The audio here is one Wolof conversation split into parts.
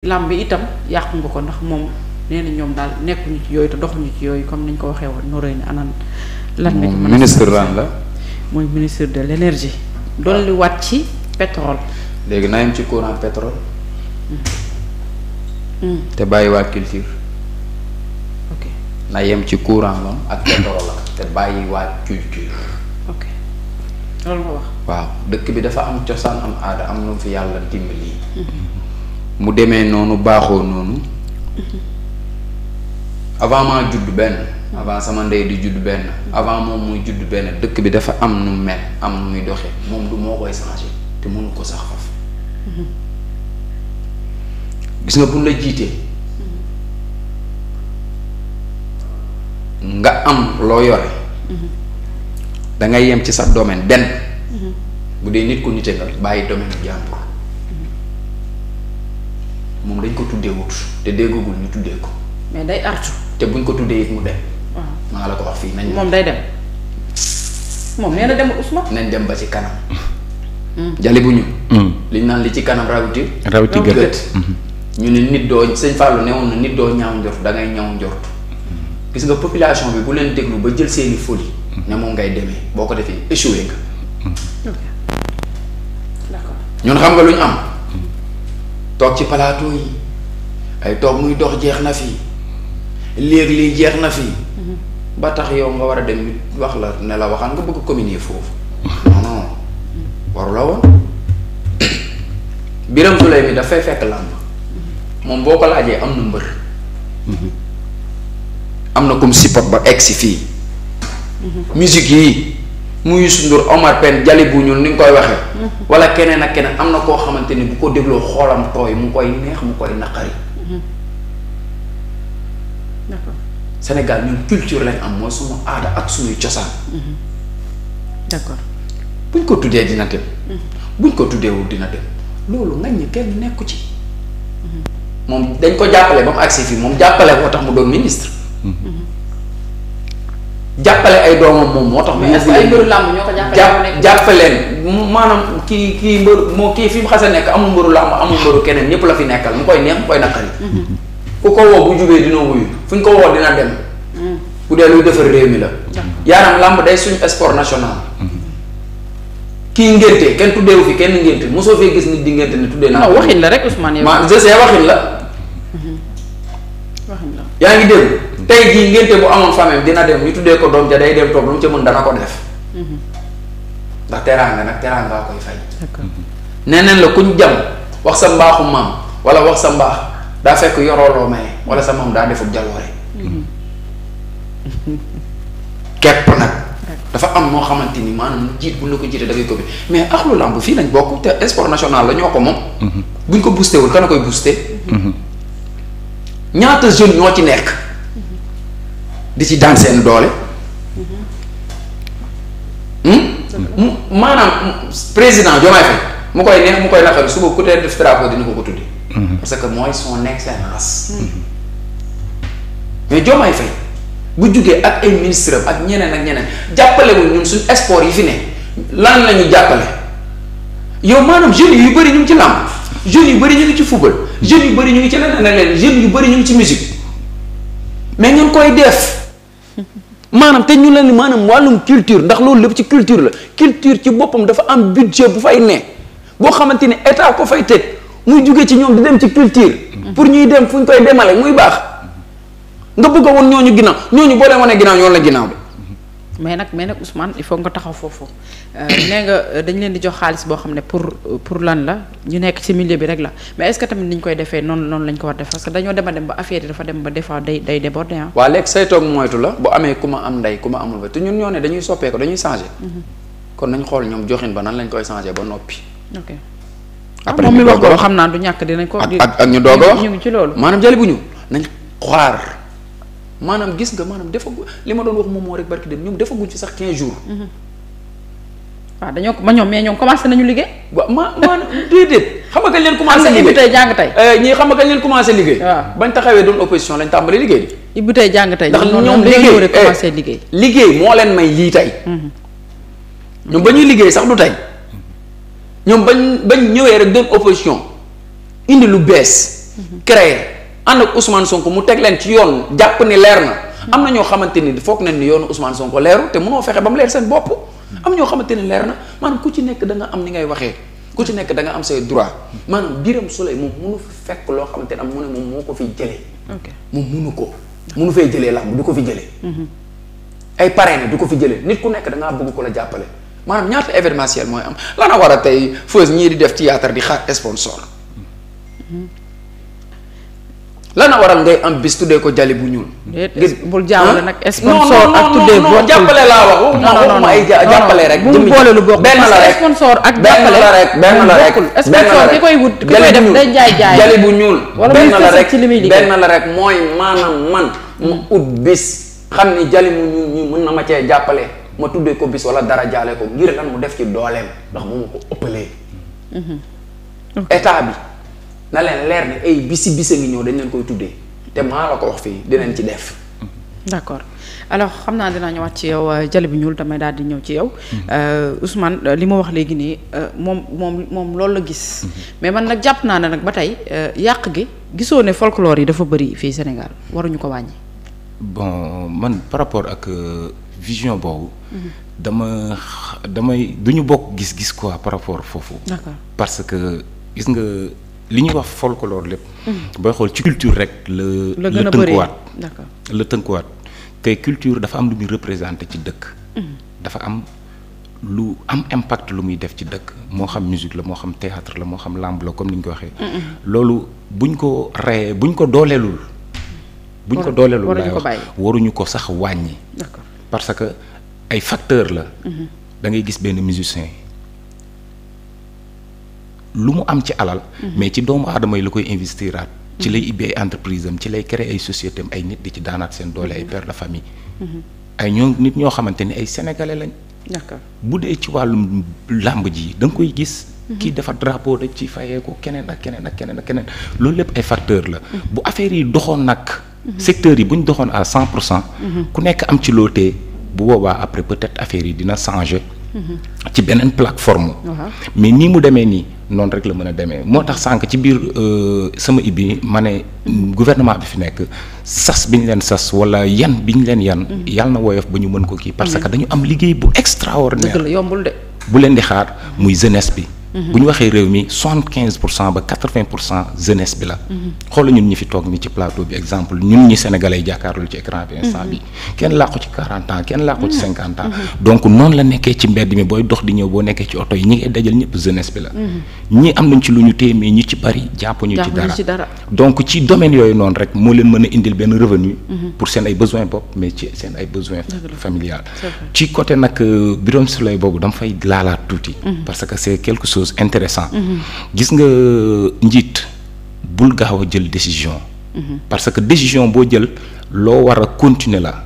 bi itam yàq ko ndax moom nee ñoom daal nekkuñu ci yooyu te doxuñu ci yooyu comme niñ ko waxee woon noree ni anan lan nga ministre lan la mooy ministre de lenergie énergie dolli waat ci pétrole léegi naa yem ci courant pétrole mm. Mm. te bàyyi waa na yem ci courant moom ak pétrole la te bàyyi waa culture ok loolu nga wax waaw dëkk bi dafa am cosaan am aada am lu mu fi yàlla dimbali mm-hmm. mu demee noonu baaxoo noonu avant maa judd benn avant sama ndey di judd benn avant moom muy juddu benn dëkk bi dafa am nu mel am nu muy doxe moom du moo koy changé te mënu ko sax faf gis nga buñ la jiite nga am loo yore da yem ci sax domaine benn mhm. bu dee nit ku nite nga bàyyi domaine jàmbur moom dañ ko tuddee wut te déggagul ñu tuddee ko. mais day artu. te buñ ko tuddee it mu dem. Ah. maa la ko wax fii nañ. moom day dem. moom nee na dem Ousmane. nañ dem ba ci kanam. Hmm. jali ñu. Hmm. liñ naan li ci kanam rawati. rawati gët hmm. ñu ne nit doo sëñ ne woon na nit doo ñaaw njort da ngay ñaaw njort. gis nga population bi bu leen déglu ba jël seeni folie. ne moom ngay demee boo ko defee échoué nga. ñun xam nga lu am. toog ci plateau yi ay toog muy dox jeex na fi léegi lii jeex na fi. ba tax yow nga war a dem wax la ne la waxaan nga bëgg communier foofu non la woon Birame Souleye mi dafay fekk làmb moom boo ko laajee am na mbër mhm. am na comme support ba egg si fii mhm. musique yi mu Youssou Ndour Omar Pène jali bu ñun ni koy waxee. Mm-hmm. wala keneen ak keneen am na koo xamante ni bu ko dégloo xoolam tooy mu koy neex mu koy naqari. Mm-hmm. d'accord Sénégal ñun culture lañ am mooy suñu aada ak suñuy cosaan. Mm-hmm. d'accord buñ ko tuddee dina dem. buñ ko tuddeewul dina dem loolu nga ñi kenn nekku ci. moom dañ ko jàppale ba mu agsi fii moom jàppale koo tax mu doon ministre. jàppale ay doomam moom moo tax. mais est-ce que ay mbëru làmb ñoo ko jàppale. jàppaleen maanaam kii kii mbëru moo kii fi mu xasee nekk amul mbëru làmb amul mbëru keneen ñëpp la fi nekkal mu koy neex mu koy naqari. Mm-hmm. ku ko woo bu jubee dina wuyu fu ñu ko woo dina dem. bu mm-hmm. dee luy defar réew mi la. yaaram làmb day suñu sport national. Mm-hmm. kii ngénte kenn tuddeewu fi kenn ngénte mosoo fee gis nit di ngénte ne tuddee naa. non waxin la rek Ousmane yow. ma je sais waxin la. waxin la yaa ngi dégg. tey jii ngénte bu amoon famille dina dem ñu tuddee ko doom ja day dem toog lu mu ca mën dana ko def mm-hmm. ndax teraanga nag teraanga waa koy fay mm-hmm. neneen la kuñ jam wax sa mbaaxu maam wala wax sa mbaax daa fekk yorooloo maye wala sa maam daa defub jaloore mm-hmm. kepp nag dafa am noo xamante ni maanaam jiit buñ la ko jiitee da ngay ko bi mais axlu làmb fii lañ bokk te sport national la ñoo ko moom buñ ko boosté wul kan a koy boosté ñaata jeune ñoo ci nekk di ci daan seen doole. Hmm? Hmm? maanaam président Diomaye Faye mu koy neex mu koy naqari suba ku tee def drapeau dina ko ko tudde hmm. parce que mooy son excellence. mais Diomaye Faye bu jugee ak ay ministre am ak ñeneen ak ñeneen jàppale wu ñun suñ sport yi fi ne lan lañu jàppale yow maanaam jeunes yu bëri ñu ngi ci làmb jeunes yu bari ñu ngi ci football jeunes yu bëri ñu ngi ci leneen leneen jeunes yu bëri ñu ngi ci musique mais ngeen koy def. maanaam te ñu leen ni maanaam wàllum culture ndax loolu lépp ci culture la culture ci boppam dafa am budget bu fay nee boo xamante ni état ko fay teg muy jugee ci ñoom di dem ci culture. pour ñuy dem fu ñu koy demale muy baax. nga bëgg a woon ñooñu ginnaaw ñooñu boo leen wanee ginnaaw ñoo la ginnaaw bi mais nag mais nag Ousmane il faut nga taxaw foofu euh, nee nga euh, dañ leen di jox xaalis boo xam ne pour euh, pour lan la ñu nekk ci milieu bi rek la mais est-ce que tamit ni ñu koy defee noonu noonu lañ ko war def que dañoo dem a dem ba affaire yi dafa dem ba des fois day day déborder la bu amee ku ma am ku ma amul ba te ñoo ne dañuy soppeeku dañuy changer. Mhm. kon nañ xool ñoom joxin ba nan lañ koy changer ba noppi. ok après ah, moom mi wax ko xam naa du ñàkk dinañ ko. ak ñu doog a wax ñu ngi ci loolu. maanaam jëli bu ñu nañ xaar. maanaam gis nga maanaam defagu li ma doon wax moom moo rek barki dem ñoom defaguñ ci sax 15 jours. Mhm. waaw dañoo ma ñoom mais ñoom commencé nañu liggéey. waaw ma maanaam déedéet. xam nga kañ leen commencé liggéey na tey jàng tey. Euh, xam nga kañ leen commencé liggéey. waaw bañ taxawee doon opposition lañ tàmbalee liggéey bi. ibbi tey jàng tey ndax ñoom eh, liggéey liggéey moo leen may lii tey mhm. ñoom ba ñuy liggéey sax du tey ñoom bañ bañ ñëwee rek doon opposition indi lu bees mhm. créer ànd ak Ousmane Sonko mu teg leen ci yoon jàpp ni leer na am na ñoo xamante ni foog nañ ni yoonu Ousmane Sonko leeru te mënoo fexe ba mu leer seen bopp am ñoo xamante ni leer na maanaam ku ci nekk da nga am ni ngay waxee ku ci nekk danga nga am say droit maanaam Birame Souleye moom mënu fi fekk loo xamante ne am mu ne moom moo ko fiy jëlee moom mënu ko mënu fay jëlee làmb du ko fi jëlee mhm. ay parrain du ko fi jëlee nit ku nekk da ngaa bëgg ko la jàppale maanaam ñaata événementiel mooy am lana war a tey ñii di def théâtre di xaar sponsor mhm. lan lana waral ngay am bis tuddee ko jali bu ñuul. bul jaawale nag sponsor ak tuddee boo jàppale laa wax. non non non ay jàppale rek. bu mu boole lu bokk benn la rek sponsor benn la rek koy wut ki koy def jaay jaay bu ñuul. wala muy fës ci li muy liggéey rek mooy maanaam man. mu ut bis xam ni jali mu ñuul ñi mën na ma cee jàppale ma tuddee ko bis wala dara jaale ko ngir lan mu def ci dooleem ndax bu ma ko ëppalee. Mm-hmm. état bi. na leen leer ne ay bisi bisa ngi ñëw dañ leen koy tuddee te maa la ko wax fii dinañ ci def. d'accord alors xam naa dinaa ñëwaat ci yow euh, jale bi ñuul damay daal di ñëw ci yow euh, Ousmane euh, li ma wax léegi nii moom moom moom loolu la gis. mais man nag jàpp naa ne nag ba tey yàq gi gisoo ne folklore yi dafa bëri fii Sénégal waruñu ko wàññi. bon man par rapport ak vision boobu. dama damay du ñu bokk gis-gis quoi par rapport foofu. d'accord parce que gis nga. li ñuy wax folklore lépp. Mm-hmm. booy xool ci culture rek la. la gën a la tënkuwaat la tënkuwaat te culture dafa am lu muy représenté ci dëkk. Mm-hmm. dafa am lu am impact lu muy def ci dëkk moo xam musique la moo xam théâtre la moo xam lamb la comme ni ñu ko waxee. Mm-hmm. loolu buñ ko reyee bu buñ ko dooleelul. buñ ko dooleelul laay wax waruñu ko sax wàññi. parce que ay facteur la. da ngay gis benn musicien. lu mu am ci alal. Mhm. mais ci doomu aadama yi la koy investiraat. ci mhm. lay ibbi ay entreprise ci lay créer ay société ay nit di ci daanaat seen doole ay mhm. père de famille. ay ñoo nit ñoo xamante ni ay sénégalais lañ. d'accord bu dee ci wàllum làmb ji da koy gis. kii dafa drapeau da ci fayee ko keneen ak keneen ak keneen ak keneen loolu lépp ay facteur la. bu affaire yi doxoon nag. secteurs yi buñ doxoon à cent pour cent. ku nekk am ci loo tee bu boobaa après peut-être affaire yi dina changer. Mhm. ci beneen plateforme. mais nii mu demee nii noonu rek la mën a demee moo tax sànq ci biir euh, sama ibbi ma ne mhm. gouvernement bi fi nekk sas bi ñu leen sas wala yan bi ñu leen yan. Mhm. yàlla na woyof ba ñu mën ko kii. parce que dañu am liggéey bu extraordinaire. dëgg la yombul de. bu leen di xaar muy jeunesse bi. bu ñu waxee réew mi soixante quinze pour cent ba quatre bi la. xoolal ñun ñi fi toog nii ci plateau bi exemple ñun ñi sénégalais yi jàkkaarloo ci écran bi instant bi kenn laa ci quarante ans kenn laa ci cinquante ans. donc ci domaine yooyu noonu rek moo leen mën a indil benn revenu. Mhm. pour seen ay besoins bopp mais ci seen ay besoins familial ci côté nag euh, Birame Souleye boobu dama fay laalaat tuuti. Mhm. parce que c'est quelque chose chose intéressant gis nga euh, njiit bul gaaw a jël décision mhm. parce que décision boo jël loo war a continuer la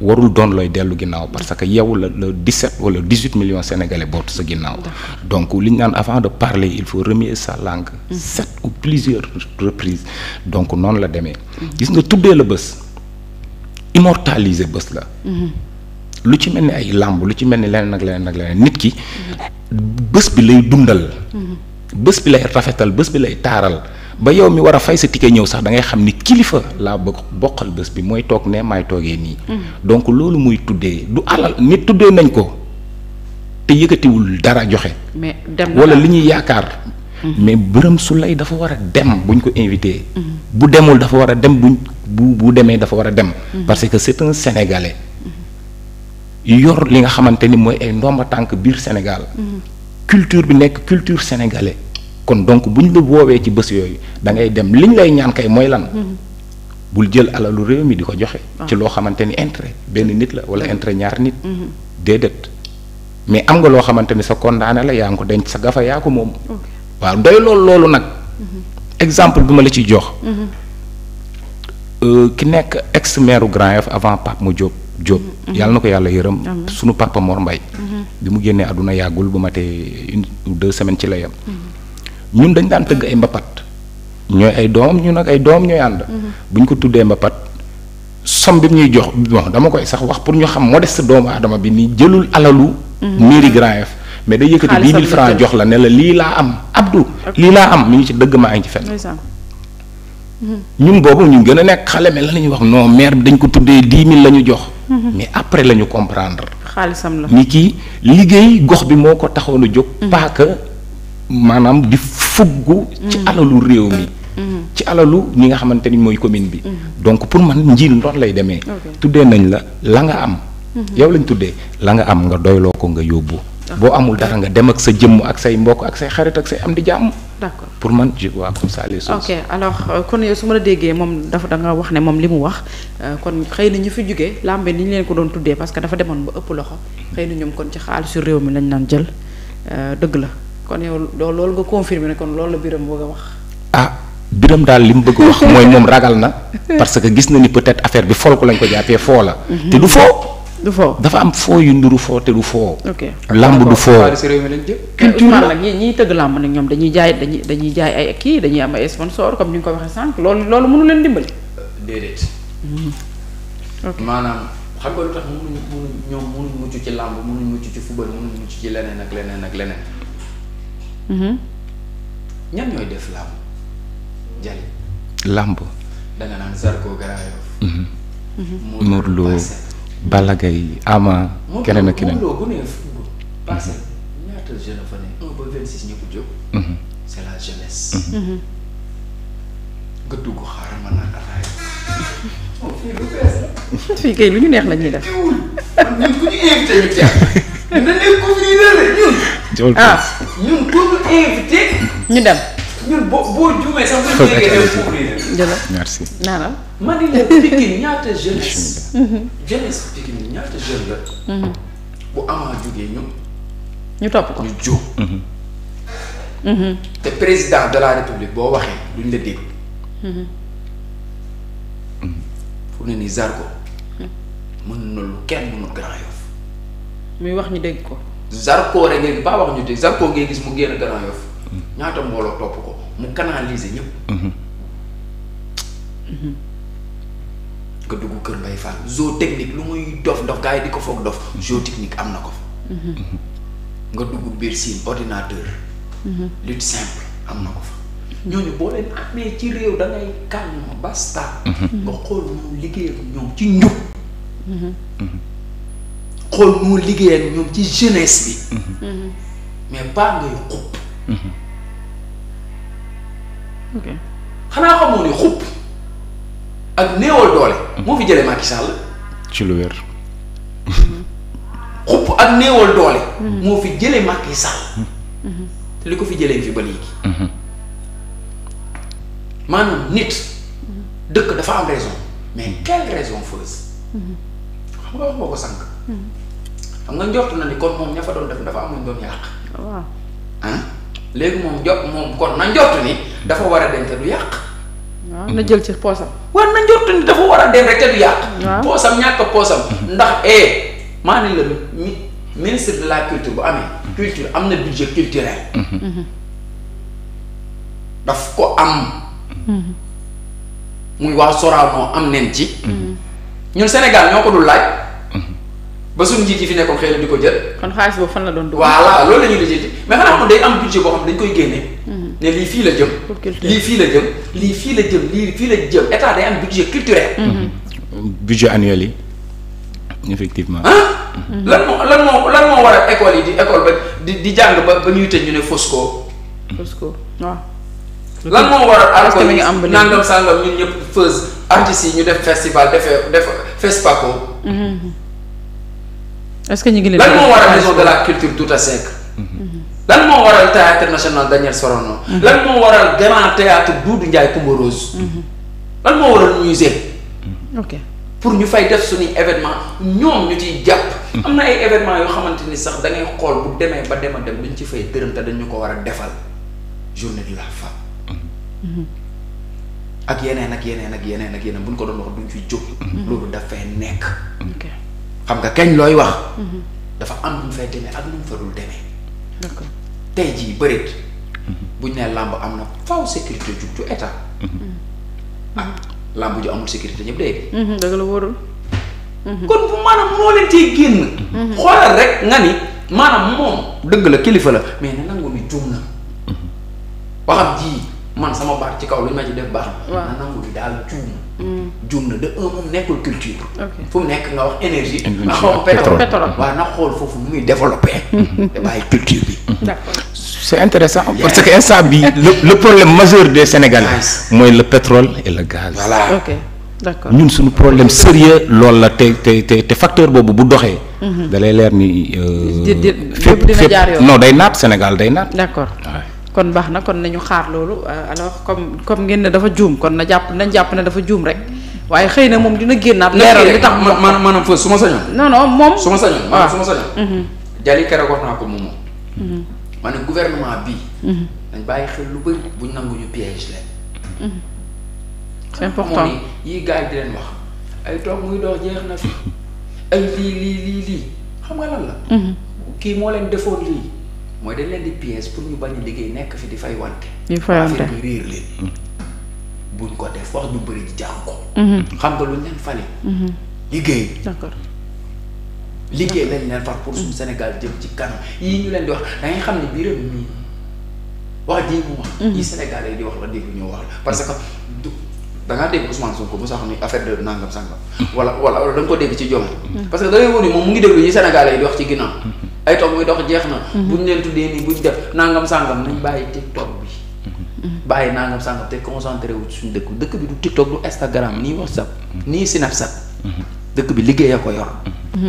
warul doon looy dellu ginnaaw parce que yow la le 17 wala 18 millions sénégalais bootu sa ginnaaw donc li ñu naan avant de parler il faut remuer sa langue mhm. sept ou plusieurs reprises donc noonu la demee mhm. gis nga tuddee la bés immortaliser bés la lu ci mel ni ay làmb lu ci mel ni leneen nag leneen ak leneen nit ki bés bi lay dundal bés bi lay rafetal bés bi lay taaral ba yow mi war a fay sa ticket ñëw sax da ngay xam ni kilifa laa bëgg bokkal bés bi mooy toog ne maay toogee nii donc loolu muy tuddee du alal nit tuddee nañ ko te yëkkatiwul dara joxe wala li ñuy yaakaar mm-hmm. mais Birame Souleye dafa war a dem buñ ko invité mm-hmm. bu demul dafa war a dem buñ bu bu demee dafa war a dem mm-hmm. parce que c'est un Sénégalais yor li nga xamante ni mooy ay ndomba tànk biir Sénégal. Mm-hmm. culture bi nekk culture sénégalais. kon donc buñ la woowee ci bés yooyu da ngay dem liñ lay ñaan kay mooy lan. Mm-hmm. bul jël alalu réew mi di ko joxe. Ah. ci loo xamante ni intérêt benn mm-hmm. nit la wala intérêt ñaar nit. déedéet mais am nga loo xamante ni sa condamné la yaa ngi ko denc sa gafa yaa ko moom. waaw doy loolu loolu nag. exemple bi ma la ci jox. Euh, ki nekk ex maire Grand Yoff avant Pape Modiop. Diop mm-hmm. yàlla na ko yàlla yërëm sunu papa Mor Mbaye mm-hmm. bi mu génnee àdduna yàggul bu matee une ou deux semaines ci la yem mm-hmm. ñun dañ daan tëgg ay mbapat ñooy ay doom ñu nag ay doom ñooy ànd bu ñu ko tuddee mbapat som bi ñuy jox bon dama koy sax wax pour ñu xam modeste doomu aadama bi ni jëlul alalu mairie Grand Yoff mais day yëkkati dix mille francs jox la ne la lii laa am Abdou lii laa am mi ngi ci dëgg maa ngi ci fenn ñun boobu ñu gën a nekk xale mais la ñuy wax non maire bi dañ ko tuddee dix mille la jox mais après la ñu comprendre. xaalisam la ni kii liggéey gox bi moo ko taxoon a jóg. Mm-hmm. pas que maanaam di fugg. ci mm-hmm. alalu réew mi. Mm-hmm. ci alalu ñi nga xamante ni mooy commune bi. donc pour man njiil ndox lay demee. tuddee nañ la la nga am. yow lañ tuddee la nga am nga doyloo ko nga yóbbu. boo amul dara nga dem ak sa jëmm ak say mbokk ak say xarit ak say am di jàmm. pour man je vois comme ça les choses. ok alors euh, kon yow su ma la déggee moom dafa da nga wax ne moom li mu wax euh, kon xëy na ñu fi jugee làmbe ni ñu leen ko doon tuddee parce que dafa demoon ba ëpp loxo xëy na ñoom kon ci xaalisu réew mi lañ naan jël euh, dëgg la kon yow loolu nga confirmer ne kon loolu la Birame bëgg a wax. ah Birame daal li mu bëgg wax mooy moom ragal na parce que gis na ni peut-être affaire bi fol lañ ko jàppee foo la. Mhm. du foo dafa am foo yu nduru foo te du foo. làmb du foo. culture la nag ñiy tëgg lamb nag ñoom dañuy jaay dañuy dañuy jaay ay kii dañuy am ay sponsor comme ni nga ko waxee sànq loolu loolu mënu leen dimbali. déedéet. Hmm. maanaam xam nga lu tax mënuñ mënuñ ñoom mucc ci lamb mënuñ mucc ci football mënuñ mucc ci leneen ak leneen ak leneen. Hmm. ñan ñooy def lamb jali lamb. da nga naan Zarko Garaayof. Hmm. Modou Lo Balla Gaye Ama. keneen ak keneen Modou Lo Modou Lo bu nee football. parce que ñaata jeune fa ne un ba vingt six ñëpp jóg. Mhm. c' est la jeunesse. Mhm. Mhm. nga dugg xaaral ma naan ataaya. Oh, fii lu bees la. fii kay lu ñu neex la ñuy def. ñun ku ñu invité ñu jàpp. dañ leen conflit ñun. ah ñun ku ñu invité. ñu dem. ñun boo boo juumee sax bu ñu Jolo merci. naanam ma ne la Pikine ñaata jeunesse. la. Mhm. bu amaa jógee ñu. ñu topp ko ñu jóg. Mhm. Mhm. te président de la république boo waxee duñ la dégg. fu ne nii Zarko. mën na lu kenn mënul Grand Yoff. muy wax ñu dégg ko. Zarko rek ngeen wax ñu dégg Zarko ngay gis mu génn Grand Yoff. ñaata mbooloo topp ko mu canaliser ñëpp. Mhm. nga dugg Kër bay Fall zoo technique lu muy dof dof gars yi di ko foog dof zoo technique am na ko fa mhm. nga dugg biir siin ordinateur mhm. lutte simple am na ko fa ñooñu boo leen amee ci réew da ngay calme basta nga xool moom liggéey ñoom ci njub xool moo liggéey ñoom ci jeunesse bi mais pas ngay xupp xanaa xamoo ne xupp ak néewal doole. Mm-hmm. moo fi jëlee Macky Sall. ci lu wér. xupp ak néewal doole. Mm-hmm. moo fi jëlee Macky Sall. Mm-hmm. te li ko fi jëlee fi ba léegi. maanaam nit. dëkk dafa am raison mais quelle raison fausse. xam nga wax xam nga njort na ni kon moom ña fa doon def dafa am luñ doon yàq. waaw ah léegi moom jot moom kon na njort ni dafa war a dem lu yàq. waaw na jël ci poosam. waaw na jot ni dafa war a dem rek te du yàq. poosam ñàkk poosam. ndax eh maa ne la ministre de la culture bu amee. culture am na budget culturel. Mhm. daf ko am. Mhm. muy waa Sorano am neen ci. Mhm. ñun Sénégal ñoo ko dul laaj. ba suñu njiit yi fi nekkoon xëy na di ko jël. kon xaalis boobu mhm. fii la jëm. lii fii la jëm lii fii la jëm lii la mhm. mhm. annuel yi effectivement. lan moo lan moo lan moo waral yi di école ba di di jàng ba ba ñuy tëj ñu ne Fosco. Fosco waaw. lan moo waral arco yi nangam sangam ñun ñëpp fës artistes yi ñu def festival defee def FESPACO. est que ñu ngi lan moo waral maison de la culture Douta Seck. Mhm. Mhm. lan moo waral théâtre national Daniel Sorano. Mhm. lan moo waral grand théâtre Doudou Ndiaye Coumba Rose. lan moo waral musée. ok pour ñu fay def suñuy événement ñoom ñu ciy jàpp. am na ay événement yoo xamante ni sax da xool bu demee ba dem a dem duñ ci fay dërëm te dañu ko war a defal journée de la femme. ak yeneen ak yeneen ak yeneen ak yeneen buñ ko doon wax duñ fi jóg. loolu dafay nekk. xam nga kañ looy wax. Mhm. dafa am lu fay demee ak lu mu fa dul demee. d'accord tey jii bëreet. Mhm. buñ nee làmb am na faw sécurité jug ju état. Mhm. Ah, làmb ju amul sécurité ñëpp day. dëgg la wóorul. kon bu maanaam moo leen cee génn. xoolal rek nga ni maanaam moom. dëgg la kilifa la mais na nangu ni juum na. waxam ji. man sama baat ci kaw lu ma ci def baax na mm. de un moom nekkul culture fu parce que instant bi le problème mooy le pétrole et le gaz ñun suñu problème sérieux loolu la te te te facteur boobu bu doxee. Mm-hmm. da leer ni. Euh, fépp fépp day naat Sénégal day naat. kon baax na kon nañu xaar loolu euh, alors comme comme ngeen ne dafa juum kon na jàpp nañ jàpp ne dafa juum rek waaye xëy na moom dina génnaat. leeral li tax man man maanaam fës su ma sañoon. non non moom su ma sañoon. waaw maanaam su ma sañoon. Mhm. Jali keroog wax naa ko moom mhm. moom. ma ne gouvernement bii. dañ mhm. bàyyi xel lu bëri bu ñu nangu ñu piège leen. c'est important moom yii gars yi di leen wax ay toog muy dox jeex na fi ay lii lii lii lii xam nga lan la. kii moo leen defoon lii. mooy dañ leen di pièce pour ñu bañ liggéey nekk fi di fay wante. di fay wante mm-hmm. buñ ko def wax ñu bëri di jàng ko. Mm-hmm. xam nga luñ leen fale. Mm-hmm. liggéey. d'accord liggéey lañ leen far pour suñu Sénégal jëm ci kanam yii ñu leen di wax da ngay xam ne biiram mii wax jii mu wax. yi di wax la dégg ñu wax la parce que du da ngaa dégg Ousmane Sonko mu sax ni affaire de nangam sangam. wala wala da nga ko dégg ci Diomaye. parce que da ngay wóor moom mu ngi déglu yi Sénégalais di wax ci ginnaaw. ay toog muy dox jeex na. Mhm. buñ leen tuddee nii buñ def nangam sàngam nañ bàyyi TikTok bi. Mhm. bàyyi nangam sàngam te concentré wu suñu dëkk dëkk bi du TikTok du Instagram nii WhatsApp mhm. nii Snapchat. dëkk bi liggéey a ko yor.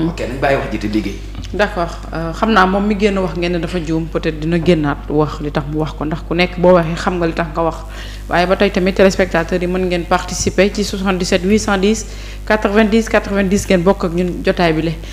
ok nañ bàyyi wax ji te liggéey. d'accord euh, xam naa moom mi génn wax ngeen ne dafa juum peut-être dina génnaat wax li tax mu wax ko ndax ku nekk boo waxee xam nga li tax nga wax waaye ba tey tamit téléspectateurs yi mën ngeen participer ci 77 810 90 90 ngeen bokk ak ñun jotaay bi le